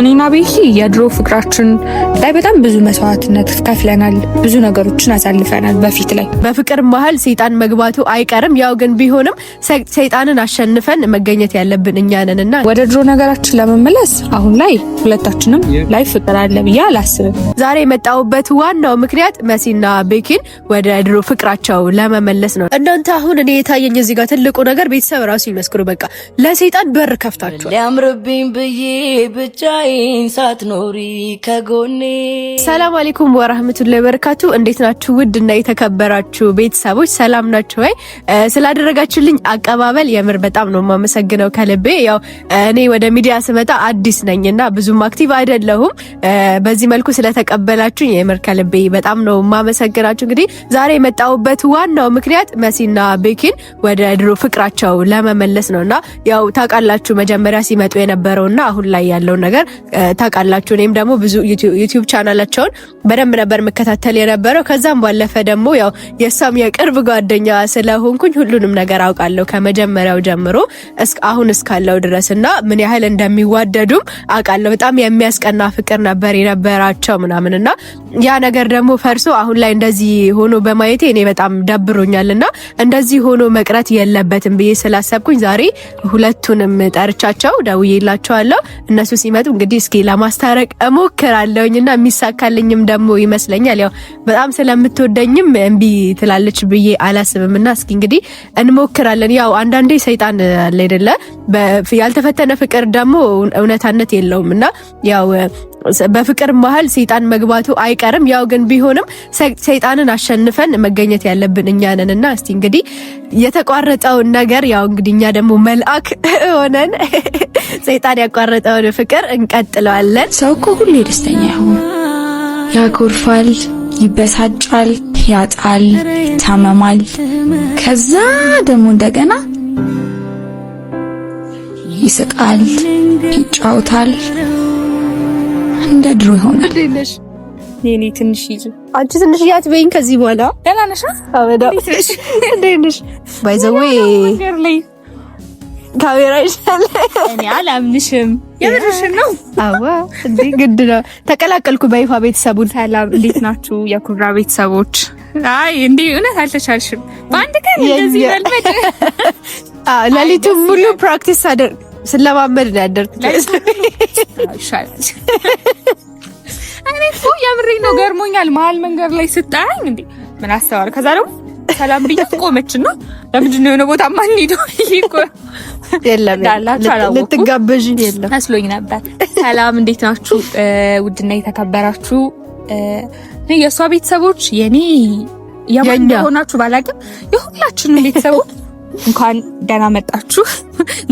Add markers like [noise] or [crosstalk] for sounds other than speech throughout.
እኔና ቤኪ የድሮ ፍቅራችን ላይ በጣም ብዙ መስዋዕትነት ከፍለናል። ብዙ ነገሮችን አሳልፈናል በፊት ላይ በፍቅር መሀል ሰይጣን መግባቱ አይቀርም። ያው ግን ቢሆንም ሰይጣንን አሸንፈን መገኘት ያለብን እኛ ነን እና ወደ ድሮ ነገራችን ለመመለስ አሁን ላይ ሁለታችንም ላይ ፍቅር አለ ብዬ አላስብም። ዛሬ የመጣሁበት ዋናው ምክንያት መሲና ቤኪን ወደ ድሮ ፍቅራቸው ለመመለስ ነው። እናንተ አሁን እኔ የታየኝ እዚህ ጋር ትልቁ ነገር ቤተሰብ ራሱ ይመስክሩ። በቃ ለሰይጣን በር ከፍታችኋል። ያምርብኝ ብዬ ብቻ ብቻዬን ሳትኖሪ ከጎኔ። ሰላም አለይኩም ወራህመቱላሂ ወበረካቱ። እንዴት ናችሁ? ውድ እና የተከበራችሁ ቤተሰቦች ሰላም ናችሁ ወይ? ስላደረጋችሁልኝ አቀባበል የምር በጣም ነው የማመሰግነው ከልቤ። ያው እኔ ወደ ሚዲያ ስመጣ አዲስ ነኝና ብዙም አክቲቭ አይደለሁም። በዚህ መልኩ ስለተቀበላችሁ የምር ከልቤ በጣም ነው የማመሰግናችሁ። እንግዲህ ዛሬ የመጣሁበት ዋናው ምክንያት መሲና ቤኪን ወደ ድሮ ፍቅራቸው ለመመለስ ነውና ያው ታውቃላችሁ መጀመሪያ ሲመጡ የነበረውና አሁን ላይ ያለው ነገር ታውቃላችሁ። እኔም ደግሞ ብዙ ዩቲዩብ ቻናላቸውን በደንብ ነበር የምከታተል የነበረው። ከዛም ባለፈ ደግሞ ያው የእሷም የቅርብ ጓደኛ ስለሆንኩኝ ሁሉንም ነገር አውቃለሁ ከመጀመሪያው ጀምሮ አሁን እስካለው ድረስ እና ምን ያህል እንደሚዋደዱም አውቃለሁ። በጣም የሚያስቀና ፍቅር ነበር የነበራቸው ምናምን እና ያ ነገር ደግሞ ፈርሶ አሁን ላይ እንደዚህ ሆኖ በማየቴ እኔ በጣም ደብሮኛል እና እንደዚህ ሆኖ መቅረት የለበትም ብዬ ስላሰብኩኝ ዛሬ ሁለቱንም ጠርቻቸው ደውዬላቸዋለሁ እነሱ ሲመጡ እንግዲህ እስኪ ለማስታረቅ እሞክራለሁኝ እና የሚሳካልኝም ደግሞ ይመስለኛል። ያው በጣም ስለምትወደኝም እምቢ ትላለች ብዬ አላስብም። እና እስኪ እንግዲህ እንሞክራለን። ያው አንዳንዴ ሰይጣን አለ አይደለ? ያልተፈተነ ፍቅር ደግሞ እውነታነት የለውም እና ያው በፍቅር መሀል ሰይጣን መግባቱ አይቀርም። ያው ግን ቢሆንም ሰይጣንን አሸንፈን መገኘት ያለብን እኛ ነን እና እስቲ እንግዲህ የተቋረጠውን ነገር ያው እንግዲህ እኛ ደግሞ መልአክ [laughs] ሆነን [laughs] ሰይጣን ያቋረጠውን ፍቅር እንቀጥለዋለን። ሰው እኮ ሁሌ ደስተኛ ይሆን ያኮርፋል፣ ይበሳጫል፣ ያጣል፣ ይታመማል። ከዛ ደግሞ እንደገና ይስቃል፣ ይጫወታል እንደ ድሮ ይሆናል። የኔ ይዙ አንቺ ትንሽ ትንሽዬ አትበይኝ ከዚህ በኋላ ደህና ነሽ? አበዳ እንዴት ነሽ? ባይ ዘ ዌይ ካሜራ ይሻለ። እኔ አላምንሽም። የምርሽን ነው? አዎ እንዴ ግድ ነው። ተቀላቀልኩ በይፋ ቤተሰቡን። ሰላም፣ እንዴት ናችሁ የኩራ ቤተሰቦች? አይ እንዴ እውነት አልተቻልሽም። በአንድ ቀን እንደዚህ መልመድ ለሊቱ ሙሉ ፕራክቲስ አደርግ ስለማመድ ነው ያደርኩት። እኔ እኮ የምሬ ነው፣ ገርሞኛል። መሀል መንገድ ላይ ስጣኝ እንዴ ምን አስተዋል። ከዛ ደግሞ ሰላም ብዬ ቆመች እና ለምንድን ነው የሆነ ቦታ ማን ሄዶ የለም ልትጋበዥ መስሎኝ ነበር። ሰላም እንዴት ናችሁ? ውድና የተከበራችሁ የእሷ ቤተሰቦች የኔ የማን ሆናችሁ ባላቅም የሁላችንም ቤተሰቦች እንኳን ደህና መጣችሁ።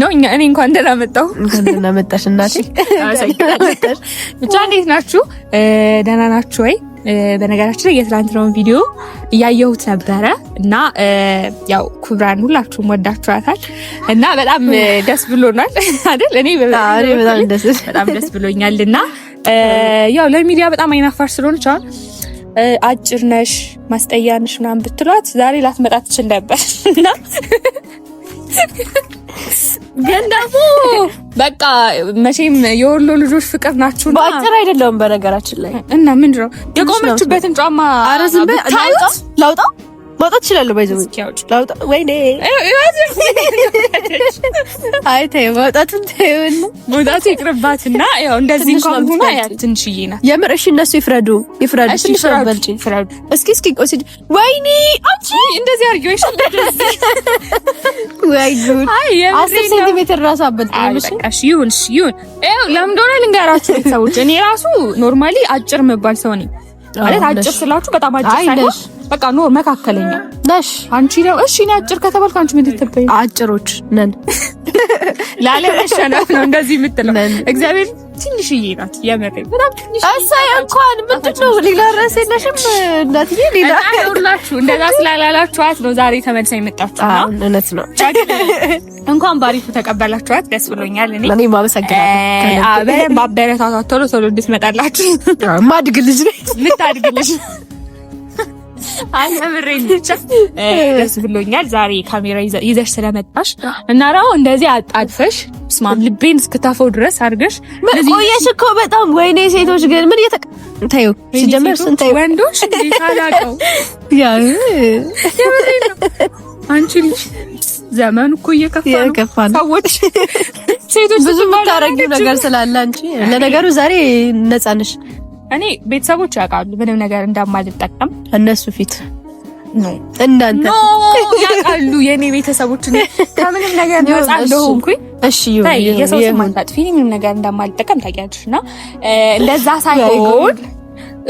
ነው እኛ እኔ እንኳን ደህና መጣሁ። እንኳን ደህና መጣሽ እናቴ። ብቻ እንዴት ናችሁ? ደህና ናችሁ ወይ? በነገራችን ላይ የትላንትናውን ቪዲዮ እያየሁት ነበረ እና ያው ኩብራን ሁላችሁም ወዳችኋታል እና በጣም ደስ ብሎናል አይደል? እኔ በጣም ደስ ብሎኛል እና ያው ለሚዲያ በጣም አይናፋር ስለሆነች አሁን አጭር ነሽ ማስጠያንሽ ነሽ ምናምን ብትሏት ዛሬ ላትመጣ ትችል ነበር እና ገንዳፉ በቃ መቼም የወሎ ልጆች ፍቅር ናችሁ። በአጭር አይደለውም በነገራችን ላይ እና ምንድነው የቆመችበትን ጫማ አረዝም ላውጣ ማውጣት እችላለሁ። ባይዘው ላውጣ ወይኔ ኔ አይ ይቅርባትና ያው እንደዚህ እንኳን ሆኖ ትንሽዬ ናት የምር። እሺ እነሱ ይፍረዱ፣ ይፍረዱ። እሺ ፍረዱ፣ እስኪ እስኪ ቆስድ ወይኔ፣ አንቺ እንደዚህ አድርጊው። እሺ ወይ ጉድ! አስር ሴንቲሜትር ራሱ አበልጣለሽ። እሺ ይሁን፣ እሺ ይሁን። ያው ለምን እንደሆነ ልንገራችሁ ቤተሰቦች፣ እኔ ራሱ ኖርማሊ አጭር የምባል ሰው ነኝ ማለት አጭር ስላችሁ በጣም አጭር ሳይሆን በቃ ኖር መካከለኛ ነሽ አንቺ ነው። እሺ እኔ አጭር ከተባልኩ አንቺ ምን ትተበይ? አጭሮች ነን [laughs] ላለ መሸነፍ ነው እንደዚህ የምትለው እግዚአብሔር ትንሽዬ ናት። የምሬ በጣም ትንሽ እሰይ። እንኳን ምንድን ነው ሌላ ርዕስ የለሽም እናትዬ? ሌላ ሁላችሁ እንደዛ ስላላላችኋት ነው ዛሬ ተመልሳ የመጣችሁ። እውነት ነው እንኳን ባሪፉ ተቀበላችኋት፣ ደስ ብሎኛል። እኔ እኔ ማመሰግናለሁ። አበ ማበረታታት ቶሎ ቶሎ እንድትመጣላችሁ ማድግ ልጅ ነ ምታድግ ልጅ ደስ ብሎኛል። ዛሬ ካሜራ ይዘሽ ስለመጣሽ እና ራው እንደዚህ አጣድፈሽ ስማም ልቤን እስክታፈው ድረስ አድርገሽ ቆየሽ እኮ በጣም ወይኔ። ሴቶች ግን ምን እየተቀ ታዩ ሲጀመር ስንታዩ ወንዶች ካላቀው ያ አንቺ ልጅ ዘመን እኮ እየከፋ ነው። ሰዎች [laughs] ሴቶች ብዙ የምታረጊው ነገር ስላለ አንቺ ለነገሩ ዛሬ ነጻ ነሽ። እኔ ቤተሰቦች ያውቃሉ ምንም ነገር እንደማልጠቀም እነሱ ፊት እንዳንተ ያውቃሉ የኔ ቤተሰቦች ከምንም ነገር ነጻ እንደሆንኩኝ እሺ የሰው ስም አንታጥፊ ምንም ነገር እንደማልጠቀም ታውቂያለሽ እና እንደዛ ሳይሆን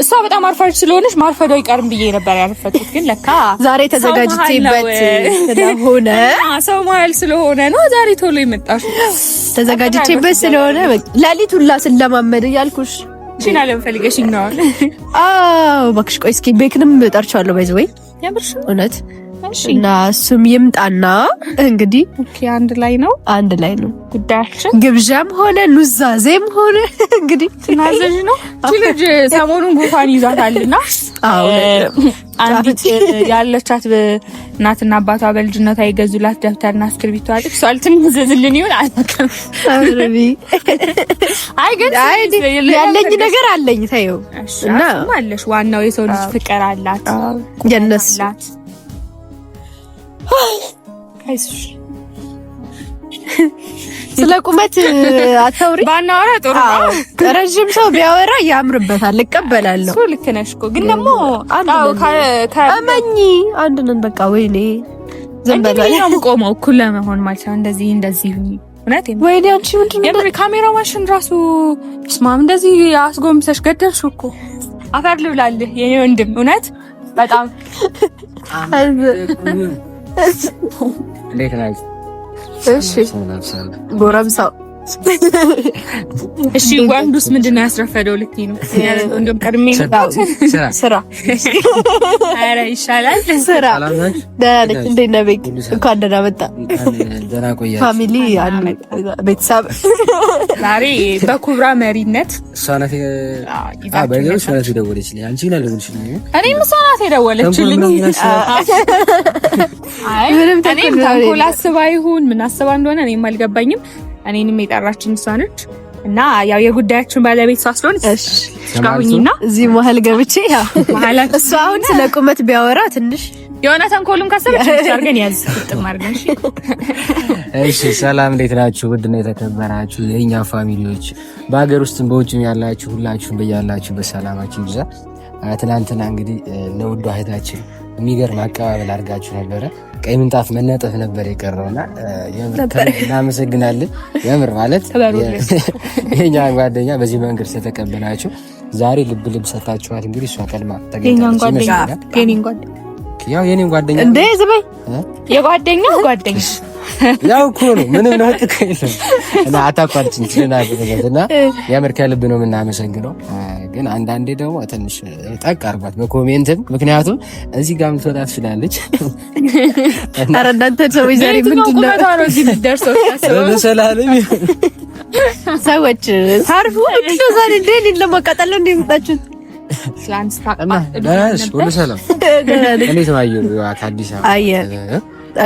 እሷ በጣም አርፋጅ ስለሆነች ማርፈዶ አይቀርም ብዬ ነበር ያልፈኩት፣ ግን ለካ ዛሬ ተዘጋጅቼበት ስለሆነ [laughs] ሰው መሀል ስለሆነ ነው ዛሬ ቶሎ የመጣሽ። ተዘጋጅቼበት ስለሆነ ለሊት ሁላ ስለማመድ እያልኩሽ ሽና ለምፈልገሽ ነው። [laughs] አዎ እባክሽ ቆይ እስኪ ቤክንም ጠርቻለሁ። ባይዘወይ ዘ እውነት እና እሱም ይምጣና እንግዲህ አንድ ላይ ነው አንድ ላይ ነው ጉዳያችን። ግብዣም ሆነ ኑዛዜም ሆነ [laughs] እንግዲህ ትናዘዥ ነው። ልጅ ሰሞኑን ጉንፋን ይዛታልና አንዲት ያለቻት እናትና አባቷ በልጅነቷ የገዙላት ደብተርና እስክርቢቶ አለች። እሷል ትንዘዝልን ይሁን አላውቅም። [laughs] አይ ግን ያለኝ ነገር አለኝ ታየው እና አለሽ ዋናው የሰው ልጅ ፍቅር አላት የነሱ አይዞሽ። ስለ ቁመት አታውሪ። ባናወራ ጥሩ ነው። ረዥም ሰው ቢያወራ ያምርበታል፣ እቀበላለሁ። እሱ ልክ ነሽ እኮ ግን ደግሞ እመኚ አንድ ነን በቃ። ወይኔ ዝም በላኝ ነው የምቆመው። እኩል ለመሆን ማለት ነው። እንደዚህ እንደዚህ እውነት ወይኔ አንቺ ምንድን ነው ካሜራው ማሽን ራሱ ስማም፣ እንደዚህ አስጎምሰሽ ገደልሽ እኮ አፈር ልብላልህ የኔ ወንድም እውነት በጣም [laughs] እንዴት ናችሁ? እሺ ጎረምሳው እሺ ወንድ ውስጥ ምንድን ነው ያስረፈደው? ልክ ነው። እንኳን ደህና መጣ ፋሚሊ፣ ቤተሰብ ዛሬ በኩብራ መሪነት እኔም የደወለችልኝ። ምንም ተንኮል አስባ ይሁን ምን አስባ እንደሆነ እኔም አልገባኝም። እኔንም የጠራችን እሷ ነች እና ያው የጉዳያችን ባለቤት ሳስሎን ስለሆነ ጋሁኝና እዚህ መሀል ገብቼ እሱ አሁን ስለ ቁመት ቢያወራ ትንሽ የሆነ ተንኮሉም ካሰበች አድርገን [laughs] ያዝ እሺ ሰላም፣ እንዴት ናችሁ? ውድና የተከበራችሁ የእኛ ፋሚሊዎች በሀገር ውስጥም በውጭም ያላችሁ ሁላችሁም በያላችሁ በሰላማችን ብዛ። ትናንትና እንግዲህ ለውዱ እህታችን የሚገርም አቀባበል አድርጋችሁ ነበረ። ቀይ ምንጣፍ መነጠፍ ነበር የቀረውና እናመሰግናለን። የምር ማለት የኛን [laughs] ጓደኛ በዚህ መንገድ ስለተቀበላችሁ ዛሬ ልብ ልብ ሰታችኋል። እንግዲህ እሷ ቀድማ ያው የኔን ጓደኛ እንደ ዝበይ የጓደኛ ጓደኛ ያው እኮ ነው ምንም ነው ጥቅም እና አታቋርጭ እና የምር ከልብ ነው የምናመሰግነው። ግን አንዳንዴ ደግሞ ትንሽ ጠቅ አርጓት በኮሜንትም፣ ምክንያቱም እዚህ ጋር ምትወጣ ትችላለች። አረዳንተ ሰዎች ዛሬ ምንድነውሰላልም ሰዎች ታርፉ ብሎ ዛሬ እንደ እኔን ለማቃጠል እንደ እንደመጣችሁት። ሁሉ ሰላም እንዴት ነው? አየሩ ከአዲስ አበባ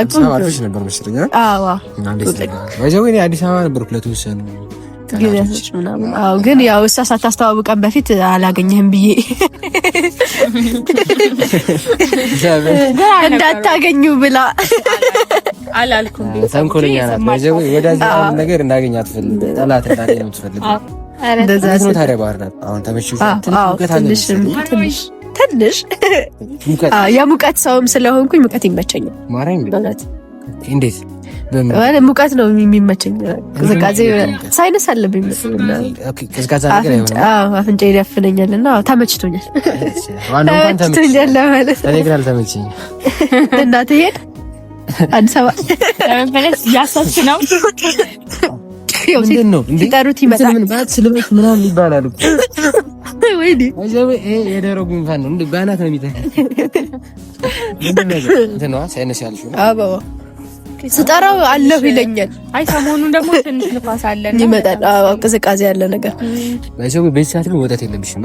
አዲስ አበባ ነበርኩ ለተወሰኑ ግን ያው እሷ ሳታስተዋውቀን በፊት አላገኘህም ብዬ [laughs] እንዳታገኙ ብላ አላልኩም። ተንኮለኛ ናት። ወደዚህ ነገር እንዳገኝ አትፈልግ፣ ጠላት እንዳገኝ ነው ትፈልግ። እንደዚህ ነው ታዲያ ባህር ናት። አሁን ተመችቶ ትንሽ ትንሽ ትንሽ የሙቀት ሰውም ስለሆንኩኝ ሙቀት ይመቸኛል። ማርያም እንዴት ሙቀት ነው የሚመቸኝ። ቅዝቃዜ ሳይነስ አለብኝ አፍንጫ ይደፍነኛል እና ተመችቶኛል። ተመችቶኛል ለማለት እናት ሄድ አዲስ አበባ ለመመለስ ነው። ምንድን ነው ሲጠሩት ይመጣል። ምናምን ሳይነስ ስጠራው አለሁ ይለኛል። አይ ሰሞኑን ደግሞ ትንሽ ንፋስ አለ፣ ቅዝቃዜ ያለ ነገር ቤት ወተት የለብሽም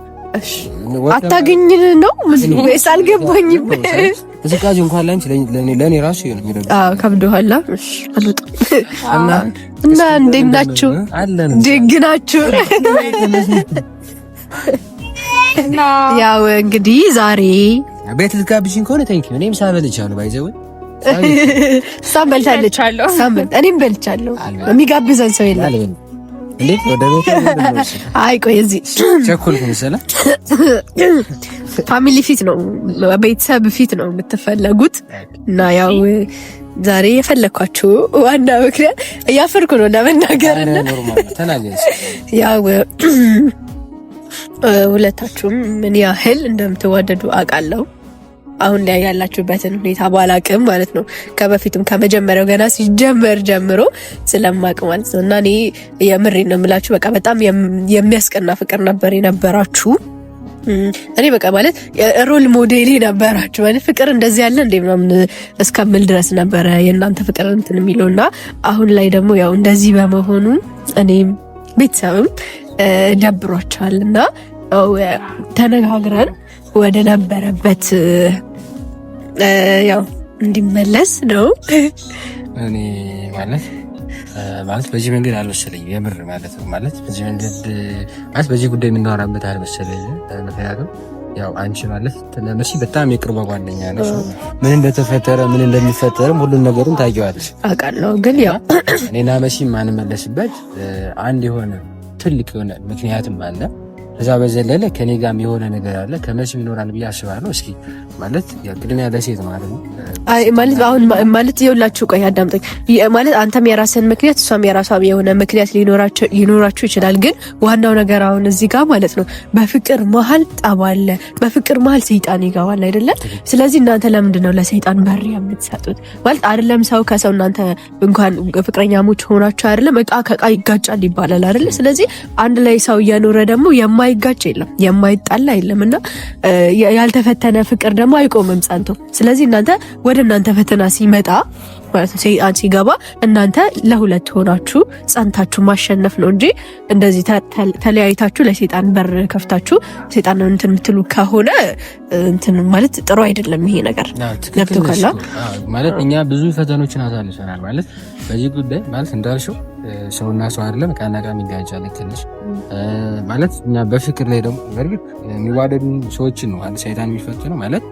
አታገኝን ነው ወይስ አልገባኝም። ቅዝቃዜ እንኳን ላንቺ ለእኔ ራሱ ይሆን የሚለው ከብዶኋላ። እና እንዴት ናችሁ? ደግ ናችሁ? ያው እንግዲህ ዛሬ ቤት ልትጋብዥኝ ከሆነ ቴንኪው። እኔም ሳበልቻለሁ ባይዘው ሳም በልታለች፣ እኔም በልቻለሁ። የሚጋብዘን ሰው የለም እንዴት ወደ ቤት አይ ቆይ እዚህ ቸኮልኩ መሰለህ ፋሚሊ ፊት ነው ቤተሰብ ፊት ነው የምትፈለጉት እና ያው ዛሬ የፈለግኳችሁ ዋና ምክንያት እያፈርኩ ነው ለመናገር ያው ሁለታችሁም ምን ያህል እንደምትዋደዱ አውቃለሁ አሁን ላይ ያላችሁበትን ሁኔታ ባላቅም ማለት ነው ከበፊትም ከመጀመሪያው ገና ሲጀመር ጀምሮ ስለማቅ ማለት ነው እና እኔ የምሬ ነው የምላችሁ በቃ በጣም የሚያስቀና ፍቅር ነበር የነበራችሁ። እኔ በቃ ማለት ሮል ሞዴሌ ነበራችሁ። ማለት ፍቅር እንደዚህ ያለ እንዴ ምናምን እስከምል ድረስ ነበረ የእናንተ ፍቅር እንትን የሚለው እና አሁን ላይ ደግሞ ያው እንደዚህ በመሆኑ እኔም ቤተሰብም ደብሯቸዋል እና ተነጋግረን ወደ ነበረበት ያው እንዲመለስ ነው። እኔ ማለት ማለት በዚህ መንገድ አልመሰለኝ የምር ማለት ነው። ማለት በዚህ መንገድ ማለት በዚህ ጉዳይ የምናወራበት አልመሰለኝ። ምክንያቱም ያው አንቺ ማለት ለመሲ በጣም የቅርቧ ጓደኛ ነው። ምን እንደተፈጠረ ምን እንደሚፈጠርም ሁሉን ነገሩን ታውቂዋለሽ። አውቃለሁ። ግን ያው እኔና መሲ የማንመለስበት አንድ የሆነ ትልቅ የሆነ ምክንያትም አለ። እዛ በዘለለ ከኔ ጋርም የሆነ ነገር አለ። ከመሲ ይኖራል ብዬ አስባለሁ። እስኪ ማለት ያለ ሴት ማለት ነው። አይ ማለት አሁን ማለት ይኸውላችሁ፣ ቆይ አዳምጠኝ። ማለት አንተም የራስን ምክንያት እሷም የራሷ የሆነ ምክንያት ሊኖራችሁ ይችላል። ግን ዋናው ነገር አሁን እዚህ ጋር ማለት ነው በፍቅር መሀል ጠብ አለ፣ በፍቅር መሀል ሰይጣን ይገባል አይደለም። ስለዚህ እናንተ ለምንድን ነው ለሰይጣን በር የምትሰጡት? ማለት አይደለም ሰው ከሰው እናንተ እንኳን ፍቅረኛሞች ሆናችሁ አይደለም እቃ ከእቃ ይጋጫል ይባላል አይደለ? ስለዚህ አንድ ላይ ሰው እየኖረ ደግሞ የማይጋጭ የለም የማይጣላ የለም እና ያልተፈተነ ፍቅር ደግሞ ደግሞ አይቆምም ጸንቶ። ስለዚህ እናንተ ወደ እናንተ ፈተና ሲመጣ ማለት ነው። ሰይጣን ሲገባ እናንተ ለሁለት ሆናችሁ ጸንታችሁ ማሸነፍ ነው እንጂ እንደዚህ ተለያይታችሁ ለሰይጣን በር ከፍታችሁ ሰይጣን እንትን የምትሉ ከሆነ እንትን ማለት ጥሩ አይደለም። ይሄ ነገር ገብቶ ካላ ማለት እኛ ብዙ ፈተኖችን አሳልፈናል ማለት በዚህ ጉዳይ ማለት እንዳልሽው ሰውና ሰው አይደለም ቃና ጋር ይጋጫል። ትንሽ ማለት እኛ በፍቅር ላይ ደግሞ በእርግጥ የሚዋደዱ ሰዎችን ነው ሰይጣን የሚፈትነው ማለት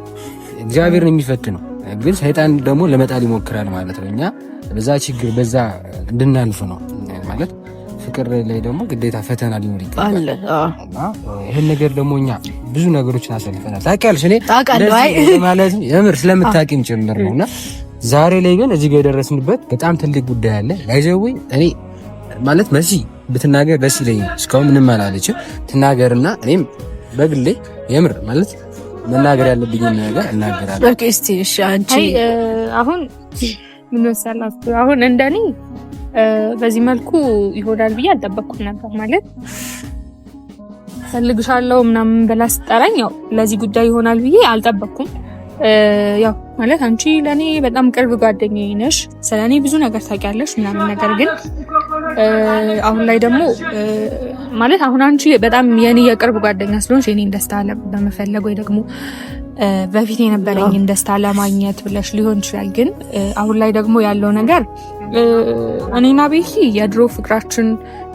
እግዚአብሔርን የሚፈትነው ግን ሰይጣን ደግሞ ለመጣል ይሞክራል ማለት ነው። እኛ በዛ ችግር በዛ እንድናልፍ ነው ማለት ፍቅር ላይ ደግሞ ግዴታ ፈተና ሊኖር ይገባል። ይህን ነገር ደግሞ እኛ ብዙ ነገሮችን አሳልፈናል። ታውቂያለሽ፣ እኔ ማለት የምር ስለምታቂም ጭምር ነው እና ዛሬ ላይ ግን እዚህ ጋር የደረስንበት በጣም ትልቅ ጉዳይ አለ። ይዘዌ እኔ ማለት መሲ ብትናገር ደስ ይለኛል። እስካሁን ምንም አላለችም። ትናገርና እኔም በግሌ የምር ማለት መናገር ያለብኝ ነገር እናገራለሁ። ኦኬ እስቲ እሺ፣ አንቺ አሁን ምን መሰላችሁ? አሁን እንደኔ በዚህ መልኩ ይሆናል ብዬ አልጠበቅኩም ነበር። ማለት ፈልግሻለሁ ምናምን ብላ ስጠራኝ ያው ለዚህ ጉዳይ ይሆናል ብዬ አልጠበቅኩም። ያው ማለት አንቺ ለእኔ በጣም ቅርብ ጓደኛዬ ነሽ፣ ስለ እኔ ብዙ ነገር ታውቂያለሽ ምናምን ነገር ግን አሁን ላይ ደግሞ ማለት አሁን አንቺ በጣም የኔ የቅርብ ጓደኛ ስለሆንሽ የኔን ደስታ በመፈለግ ወይ ደግሞ በፊት የነበረኝን ደስታ ለማግኘት ብለሽ ሊሆን ይችላል። ግን አሁን ላይ ደግሞ ያለው ነገር እኔና ቤቲ የድሮ ፍቅራችን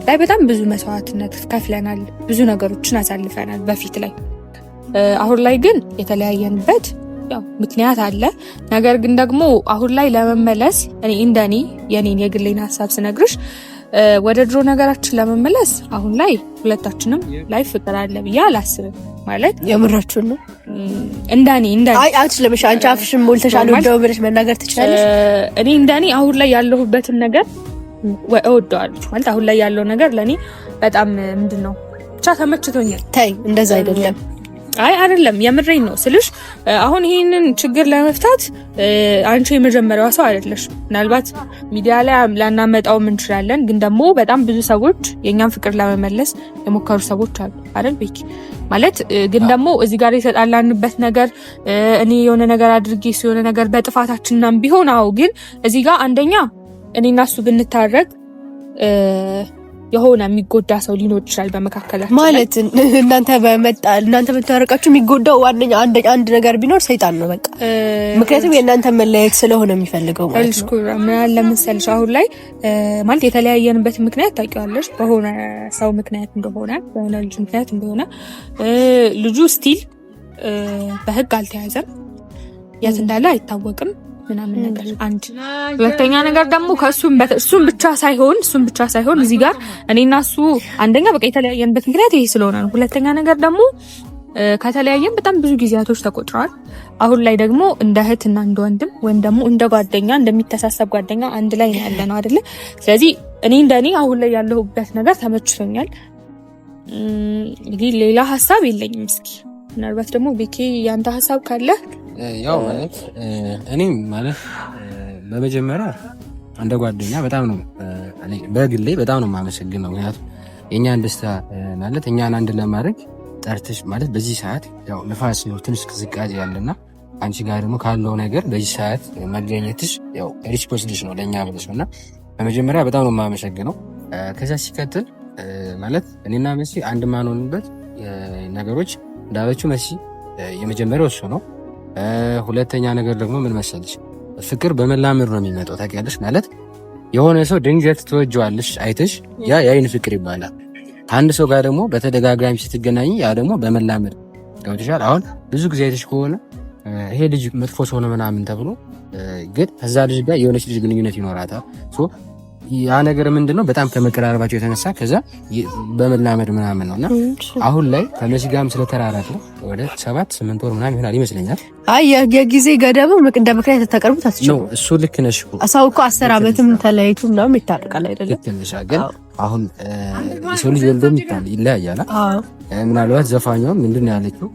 ላይ በጣም ብዙ መስዋዕትነት ከፍለናል፣ ብዙ ነገሮችን አሳልፈናል በፊት ላይ። አሁን ላይ ግን የተለያየንበት ምክንያት አለ። ነገር ግን ደግሞ አሁን ላይ ለመመለስ እኔ እንደኔ የኔን የግሌን ሀሳብ ስነግርሽ ወደ ድሮ ነገራችን ለመመለስ አሁን ላይ ሁለታችንም ላይ ፍቅር አለ ብዬ አላስብም። ማለት የምራችሁን ነው። እንዳኔ እንዳኔ አይ አንቺ አንቺ አፍሽን ሞልተሻል ወደው ብለሽ መናገር ትችላለሽ። እኔ እንዳኔ አሁን ላይ ያለሁበትን ነገር እወደዋለሁ። ማለት አሁን ላይ ያለው ነገር ለእኔ በጣም ምንድን ነው ብቻ ተመችቶኛል። ተይ እንደዛ አይደለም አይ አይደለም፣ የምድሬን ነው ስልሽ። አሁን ይህንን ችግር ለመፍታት አንቺ የመጀመሪያዋ ሰው አይደለሽ። ምናልባት ሚዲያ ላይ ላናመጣውም እንችላለን፣ ግን ደግሞ በጣም ብዙ ሰዎች የእኛን ፍቅር ለመመለስ የሞከሩ ሰዎች አሉ አይደል ቤኪ? ማለት ግን ደግሞ እዚህ ጋር የተጣላንበት ነገር እኔ የሆነ ነገር አድርጌ የሆነ ነገር በጥፋታችንናም ቢሆን አዎ፣ ግን እዚህ ጋር አንደኛ እኔ እና እሱ ብንታረቅ የሆነ የሚጎዳ ሰው ሊኖር ይችላል በመካከላችሁ ማለት እናንተ በመጣ እናንተ በተታረቃችሁ የሚጎዳው ዋነኛ አንድ ነገር ቢኖር ሰይጣን ነው በቃ ምክንያቱም የእናንተ መለያየት ስለሆነ የሚፈልገው ማለት ነው ምናምን ለምንሰልሽ አሁን ላይ ማለት የተለያየንበት ምክንያት ታውቂዋለሽ በሆነ ሰው ምክንያት እንደሆነ በሆነ ልጅ ምክንያት እንደሆነ ልጁ ስቲል በህግ አልተያዘም የት እንዳለ አይታወቅም ምናምን ነገር አንድ ሁለተኛ ነገር ደግሞ ከእሱም እሱም ብቻ ሳይሆን እሱም ብቻ ሳይሆን እዚህ ጋር እኔና እሱ አንደኛ በቃ የተለያየንበት ምክንያት ይሄ ስለሆነ ነው። ሁለተኛ ነገር ደግሞ ከተለያየን በጣም ብዙ ጊዜያቶች ተቆጥረዋል። አሁን ላይ ደግሞ እንደ እህትና እንደ ወንድም ወይም ደግሞ እንደ ጓደኛ እንደሚተሳሰብ ጓደኛ አንድ ላይ ያለ ነው አይደለ? ስለዚህ እኔ እንደ እኔ አሁን ላይ ያለሁበት ነገር ተመችቶኛል። እንግዲህ ሌላ ሀሳብ የለኝም እስኪ ምናልባት ደግሞ ቤኪ ያንተ ሀሳብ ካለ ያው ማለት እኔ ማለት በመጀመሪያ እንደ ጓደኛ በጣም ነው በግሌ በጣም ነው የማመሰግነው። ምክንያቱም የእኛን ደስታ ማለት እኛን አንድ ለማድረግ ጠርተሽ ማለት በዚህ ሰዓት ያው ንፋስ ነው ትንሽ ቅዝቃዜ ያለና አንቺ ጋር ደግሞ ካለው ነገር በዚህ ሰዓት መገኘትሽ ያው ሪስክ ወስድሽ ነው ለእኛ ብለሽ እና በመጀመሪያ በጣም ነው የማመሰግነው። ከዛ ሲቀጥል ማለት እኔና መሲ አንድ ማንሆንበት ነገሮች እንዳለችው መሲ የመጀመሪያው እሱ ነው። ሁለተኛ ነገር ደግሞ ምን መሰለሽ፣ ፍቅር በመላመድ ነው የሚመጣው። ታውቂያለሽ ማለት የሆነ ሰው ድንገት ትወጂዋለሽ አይተሽ፣ ያ የአይን ፍቅር ይባላል። ከአንድ ሰው ጋር ደግሞ በተደጋጋሚ ስትገናኝ፣ ያ ደግሞ በመላመድ ገብቶሻል። አሁን ብዙ ጊዜ አይተሽ ከሆነ ይሄ ልጅ መጥፎ ሰው ነው ምናምን ተብሎ፣ ግን ከዛ ልጅ ጋር የሆነች ልጅ ግንኙነት ይኖራታል ያ ነገር ምንድን ነው በጣም ከመቀራረባቸው የተነሳ ከዛ በመላመድ ምናምን ነው እና አሁን ላይ ከመሲ ጋርም ስለተራራት ነው ወደ ሰባት ስምንት ወር ምናምን ይሆናል ይመስለኛል። አይ የጊዜ ገደብ እንደ ምክንያት ተቀርቡት አስችሉ እሱ ልክ ነሽ። ሰው እኮ አስር አመትም ተለያይቱ ምናምን ይታርቃል አይደለም። አሁን የሰው ልጅ ወልዶ የሚታል ይለያያል። ምናልባት ዘፋኛውም ምንድን ያለችው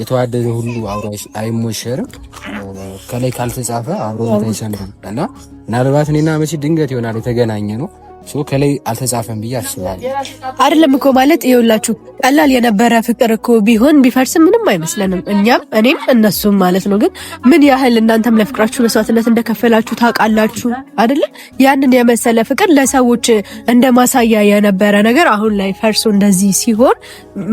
የተዋደደ ሁሉ አብሮ አይሞሸርም፣ ከላይ ካልተጻፈ አብሮ አይሰምርም እና ምናልባት እኔና መቼ ድንገት ይሆናል የተገናኘ ነው ከላይ አልተጻፈም ብዬ አስባለሁ። አይደለም እኮ ማለት ይኸውላችሁ፣ ቀላል የነበረ ፍቅር እኮ ቢሆን ቢፈርስም ምንም አይመስለንም፣ እኛም እኔም እነሱም ማለት ነው። ግን ምን ያህል እናንተም ለፍቅራችሁ መስዋዕትነት እንደከፈላችሁ ታውቃላችሁ አይደለ? ያንን የመሰለ ፍቅር ለሰዎች እንደ ማሳያ የነበረ ነገር አሁን ላይ ፈርሶ እንደዚህ ሲሆን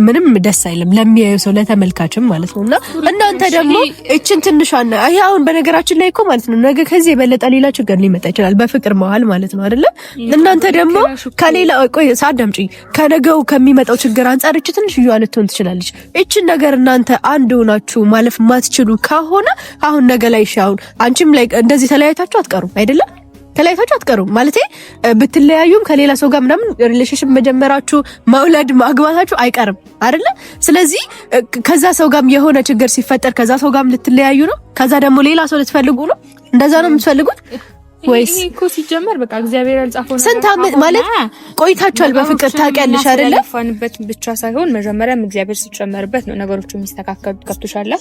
ምንም ደስ አይልም፣ ለሚያየው ሰው ለተመልካችም ማለት ነው። እና እናንተ ደግሞ እችን ትንሿ ይሄ አሁን በነገራችን ላይ እኮ ማለት ነው ነገ ከዚህ የበለጠ ሌላ ችግር ሊመጣ ይችላል፣ በፍቅር መሀል ማለት ነው አይደለ? አንተ ደግሞ ከሌላ ቆይ ሳዳምጪኝ ከነገው ከሚመጣው ችግር አንጻር እች ትንሽ ልትሆን ትችላለች። እችን ነገር እናንተ አንድ ሆናችሁ ማለፍ ማትችሉ ከሆነ አሁን ነገ ላይ ሻውን አንቺም ላይ እንደዚህ ተለያይታችሁ አትቀሩም አይደለም ተለያይታችሁ አትቀሩም ማለት ብትለያዩም ከሌላ ሰው ጋር ምናምን ሪሌሽንሽፕ መጀመራችሁ መውለድ ማግባታችሁ አይቀርም አይደለ? ስለዚህ ከዛ ሰው ጋርም የሆነ ችግር ሲፈጠር ከዛ ሰው ጋርም ልትለያዩ ነው። ከዛ ደግሞ ሌላ ሰው ልትፈልጉ ነው። እንደዛ ነው የምትፈልጉት። ወይስ እኮ ሲጀመር በቃ እግዚአብሔር ያልጻፈው ስንት ዓመት ማለት ቆይታችኋል በፍቅር ታውቂያለሽ አይደለ? ፋንበት ብቻ ሳይሆን መጀመሪያም እግዚአብሔር ሲጨመርበት ነው ነገሮቹ የሚስተካከሉት። ገብቶሻል?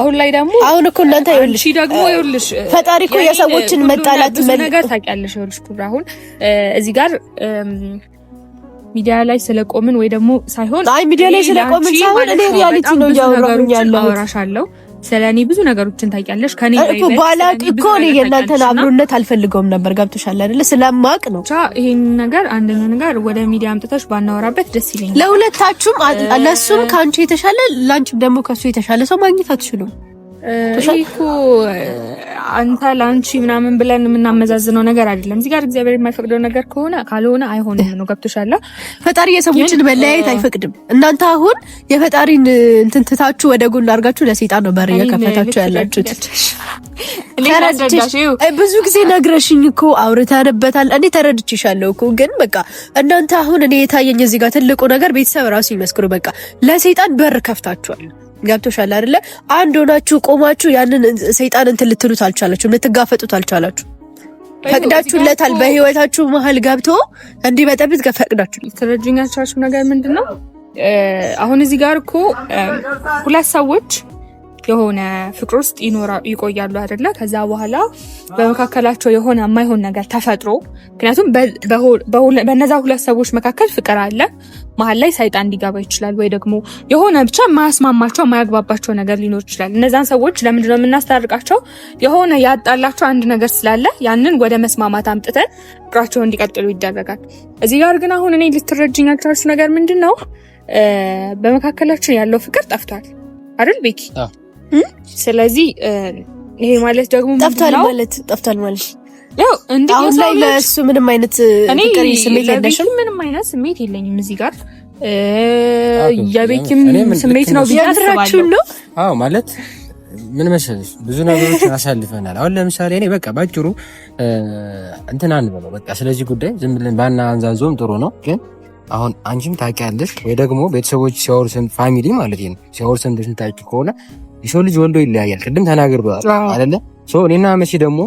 አሁን ላይ ደግሞ አሁን እኮ እናንተ ይኸውልሽ ደግሞ ይኸውልሽ ፈጣሪ እኮ የሰዎችን መጣላት ምን ነገር ታውቂያለሽ። ይኸውልሽ አሁን እዚህ ጋር ሚዲያ ላይ ስለቆምን ወይ ደግሞ ሳይሆን አይ ሚዲያ ላይ ስለቆምን ሳይሆን እኔ ሪያሊቲ ነው እያወራሁኝ ያለሁት ስለ እኔ ብዙ ነገሮችን ታውቂያለሽ። ከኔ ባላውቅ እኮ እኔ የእናንተን አብሮነት አልፈልገውም ነበር። ገብቶሻል አይደለ? ስለማቅ ነው። ይሄን ነገር አንድ ነገር ወደ ሚዲያ አምጥተሽ ባናወራበት ደስ ይለኛል። ለሁለታችሁም፣ ለእሱም ከአንቺ የተሻለ ለአንቺም ደግሞ ከሱ የተሻለ ሰው ማግኘት አትችሉም። እኮ አንተ ለአንቺ ምናምን ብለን የምናመዛዝነው ነገር አይደለም። እዚህ ጋር እግዚአብሔር የማይፈቅደው ነገር ከሆነ ካልሆነ አይሆንም ነው። ገብቶሻል? ፈጣሪ የሰዎችን መለያየት አይፈቅድም። እናንተ አሁን የፈጣሪን እንትን ትታችሁ ወደ ጎን አድርጋችሁ ለሴጣን ነው በር እየከፈታችሁ ያላችሁት። ብዙ ጊዜ ነግረሽኝ እኮ አውርተንበታል። እኔ ተረድቼሻለሁ እኮ ግን በቃ እናንተ አሁን እኔ የታየኝ እዚህ ጋር ትልቁ ነገር ቤተሰብ ራሱ ይመስክሩ። በቃ ለሴጣን በር ከፍታችኋል። ገብቶሻል አይደለ? አንድ ሆናችሁ ቆማችሁ ያንን ሰይጣን እንትን ልትሉት አልቻላችሁ፣ ልትጋፈጡት አልቻላችሁ። ፈቅዳችሁለታል። በህይወታችሁ መሀል ገብቶ እንዲበጠብጥ ፈቅዳችሁ። ትረጅኛቻችሁ ነገር ምንድን ነው? አሁን እዚህ ጋር እኮ ሁለት ሰዎች የሆነ ፍቅር ውስጥ ይቆያሉ አይደለ? ከዛ በኋላ በመካከላቸው የሆነ የማይሆን ነገር ተፈጥሮ፣ ምክንያቱም በነዛ ሁለት ሰዎች መካከል ፍቅር አለ። መሀል ላይ ሰይጣን ሊገባ ይችላል፣ ወይ ደግሞ የሆነ ብቻ የማያስማማቸው የማያግባባቸው ነገር ሊኖር ይችላል። እነዛን ሰዎች ለምንድነው የምናስታርቃቸው? የሆነ ያጣላቸው አንድ ነገር ስላለ ያንን ወደ መስማማት አምጥተን ፍቅራቸው እንዲቀጥሉ ይደረጋል። እዚህ ጋር ግን አሁን እኔ ልትረጅኝ ያልቻልሽ ነገር ምንድን ነው? በመካከላችን ያለው ፍቅር ጠፍቷል አይደል ቤኪ? ስለዚህ ይሄ ማለት ደግሞ ጠፍቷል ማለት ጠፍቷል ማለት ያው እንዴ አሁን ላይ ለእሱ ምንም አይነት ፍቅር ስሜት የለሽም? ምንም አይነት ስሜት የለኝም እዚህ ጋር የቤኪም ስሜት ነው ብያድራችሁን ነው። አዎ ማለት ምን መሰለሽ ብዙ ነገሮች አሳልፈናል። አሁን ለምሳሌ እኔ በቃ ባጭሩ እንትን አንበለው በቃ ስለዚህ ጉዳይ ዝም ብለን ባና አንዛዞም ጥሩ ነው ግን አሁን አንቺም ታውቂያለሽ ወይ ደግሞ ቤተሰቦች ሲያወር ፋሚሊ ማለት ነው ሲያወር ስም ታውቂ ከሆነ የሰው ልጅ ወልዶ ይለያያል። ቅድም ተናገር ብለዋል አይደለ? እኔና መሲ ደግሞ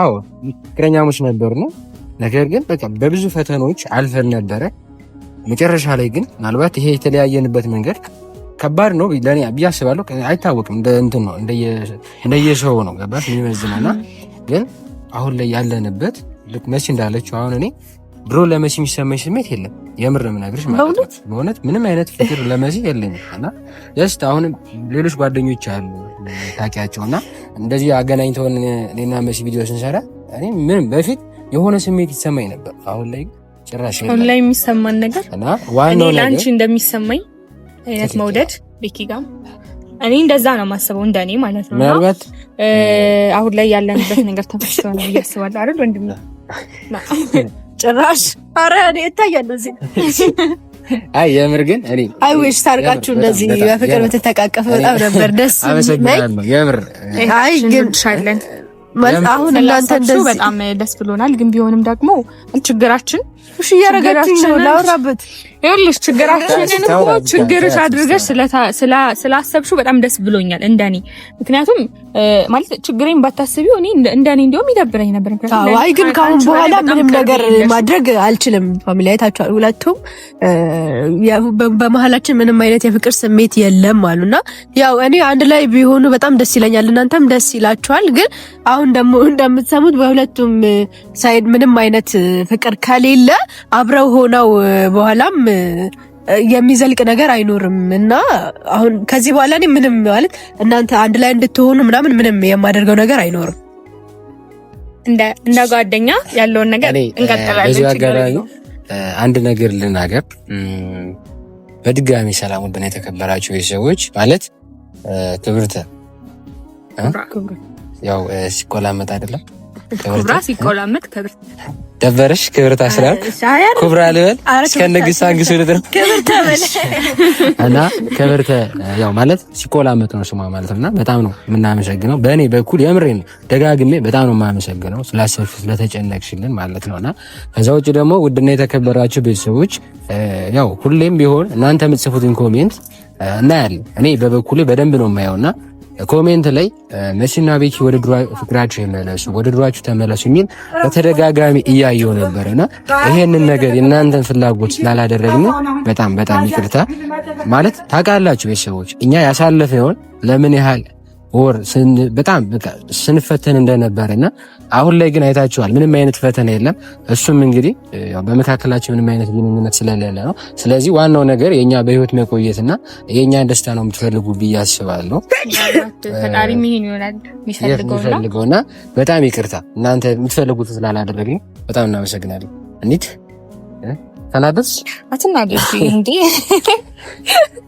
አዎ ፍቅረኛሞች ነበር ነው። ነገር ግን በቃ በብዙ ፈተናዎች አልፈን ነበረ። መጨረሻ ላይ ግን ምናልባት ይሄ የተለያየንበት መንገድ ከባድ ነው ለእኔ ብዬ አስባለሁ። አይታወቅም እንትን ነው እንደየሰው ነው ገባ ግን አሁን ላይ ያለንበት ልክ መሲ እንዳለችው አሁን እኔ ድሮ ለመሲ የሚሰማኝ ስሜት የለም። የምር ነው የምነግርሽ ማለት ነው። በእውነት ምንም አይነት ፍቅር ለመሲ የለኝ እና ጀስት አሁንም ሌሎች ጓደኞች አሉ ታውቂያቸው እና እንደዚህ አገናኝተውን እኔና መሲ ቪዲዮ ስንሰራ እኔ ምንም በፊት የሆነ ስሜት ይሰማኝ ነበር። አሁን ላይ ጭራሽ አሁን ላይ የሚሰማን ነገር እና እኔ ለአንቺ እንደሚሰማኝ አይነት መውደድ ቤኪ ጋም እኔ እንደዛ ነው የማስበው፣ እንደኔ ማለት ነው። ምናልባት አሁን ላይ ያለንበት ነገር ተፈስቶ ነው እያስባለሁ አይደል ወንድም [laughs] ጭራሽ አረ እኔ ይታያል እንደዚህ አይ የምር ግን እኔ አይ ዊሽ ታርጋችሁ እንደዚህ በፍቅር ብትተቃቀፍ በጣም ነበር ደስ አመሰግናለሁ። የምር አይ ግን ሻለን አሁን እናንተ እንደዚህ በጣም ደስ ብሎናል። ግን ቢሆንም ደግሞ ችግራችን እሺ እያደረገችኝ ነው። ላውራበት ይኸውልሽ፣ ችግራችንን ችግርሽ አድርገሽ ስላሰብሽው በጣም ደስ ብሎኛል እንደኔ። ምክንያቱም ማለት ችግሬን ባታስቢው እኔ እንደኔ እንዲያውም ይደብረኝ ነበር። አይ ግን ከአሁን በኋላ ምንም ነገር ማድረግ አልችልም። ፋሚሊ አይታችኋል፣ ሁለቱም በመሀላችን ምንም አይነት የፍቅር ስሜት የለም አሉና ያው እኔ አንድ ላይ ቢሆኑ በጣም ደስ ይለኛል፣ እናንተም ደስ ይላችኋል። ግን አሁን ደግሞ እንደምትሰሙት በሁለቱም ሳይድ ምንም አይነት ፍቅር ከሌለ አብረው ሆነው በኋላም የሚዘልቅ ነገር አይኖርም እና አሁን ከዚህ በኋላ እኔ ምንም ማለት እናንተ አንድ ላይ እንድትሆኑ ምናምን ምንም የማደርገው ነገር አይኖርም። እንደ ጓደኛ ያለውን ነገር እንቀጥላለን። በዚህ አጋጣሚ አንድ ነገር ልናገር። በድጋሚ ሰላም ብን የተከበራችሁ የሰዎች ማለት ክብርተ ያው ሲቆላመጥ አይደለም ኩብራ ሲቆላመጥ ክብር ደበረሽ። ክብር ታስላል ኩብራ ልበል እስከ ንግስት አንግስ ወደ [laughs] እና ተ ያው ማለት ሲቆላመጥ ነው ስሟ ማለት ነው በጣም ነው የምናመሰግነው። በእኔ በኩል የምሬን ደጋግሜ በጣም ነው የማመሰግነው ስላሰብሽ ስለተጨነቅሽልን ማለት ነውና ከዛ ውጭ ደግሞ ውድና የተከበራችሁ ቤተሰቦች ያው ሁሌም ቢሆን እናንተ የምትጽፉትን ኮሜንት እናያለን። እኔ በበኩሌ በደንብ ነው የማየውና ኮሜንት ላይ መሲና ቤኪ ወደ ድሮ ፍቅራችሁ ይመለሱ፣ ወደ ድሯችሁ ተመለሱ የሚል በተደጋጋሚ እያየው ነበር እና ይሄንን ነገር የእናንተን ፍላጎት ስላላደረግን በጣም በጣም ይቅርታ ማለት ታውቃላችሁ ቤተሰቦች እኛ ያሳለፈ ይሆን ለምን ያህል ወር በጣም ስንፈተን እንደነበር እና አሁን ላይ ግን አይታችኋል፣ ምንም አይነት ፈተና የለም። እሱም እንግዲህ በመካከላችን ምንም አይነት ግንኙነት ስለሌለ ነው። ስለዚህ ዋናው ነገር የእኛ በህይወት መቆየትና የእኛ ደስታ ነው የምትፈልጉ ብዬ አስባለሁ። የሚፈልገውና በጣም ይቅርታ እናንተ የምትፈልጉት ስላላደረግኝ በጣም እናመሰግናለን። እኒት ተናደስ አትናደስ እንዴ [laughs]